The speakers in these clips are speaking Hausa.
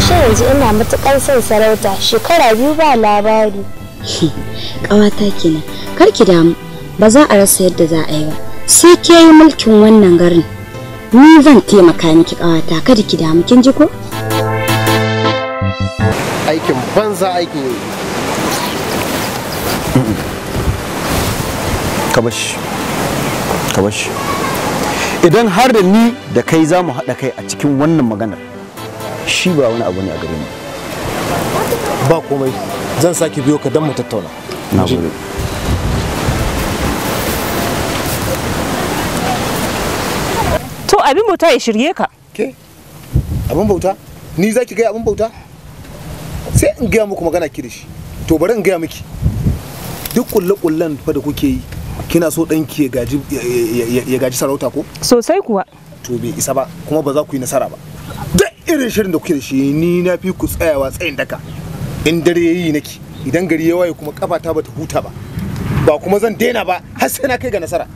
ashe yanzu ina matuƙar son sarauta shekara biyu ba labari ƙawata kenan kar ki damu ba za a rasa yadda za a yi ba sai ke yi mulkin wannan garin ni zan taimaka miki ƙawata kada ki damu kin ji ko aikin banza aikin yi kabash kabash idan har da ni da kai za mu haɗa kai a cikin wannan maganar shi ba wani abu ne a gare mu ba komai zan sake biyo ka dan mu tattauna na gode to abin bauta ya shirye ka ke abin bauta ni zaki gaya abin bauta sai in gaya muku magana ki da shi to bari in gaya miki duk kulle-kullen fa da kuke yi kina so ɗanki ya gaji sarauta ko sosai kuwa to bai isa ba kuma ba za ku yi nasara ba duk irin shirin da kuke da shi ni na fi ku tsayawa tsayin daka in dare ya yi nake idan gari ya waye kuma kafata bata huta ba ba kuma zan daina ba har sai na kai ga nasara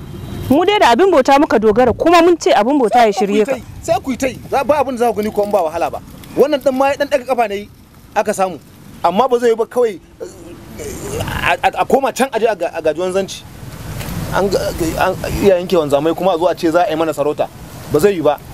mu dai da abin bauta muka dogara kuma mun ce abin bauta ya shirye ka sai ku yi tai ba abin za ku gani ko ba wahala ba wannan dan ma ya dan daga kafa ne aka samu amma ba zai yi ba kawai eh, a koma can aje a gajuwan zanci an iyayen kewan zamai kuma a zo a ce za a yi mana sarauta ba zai yi ba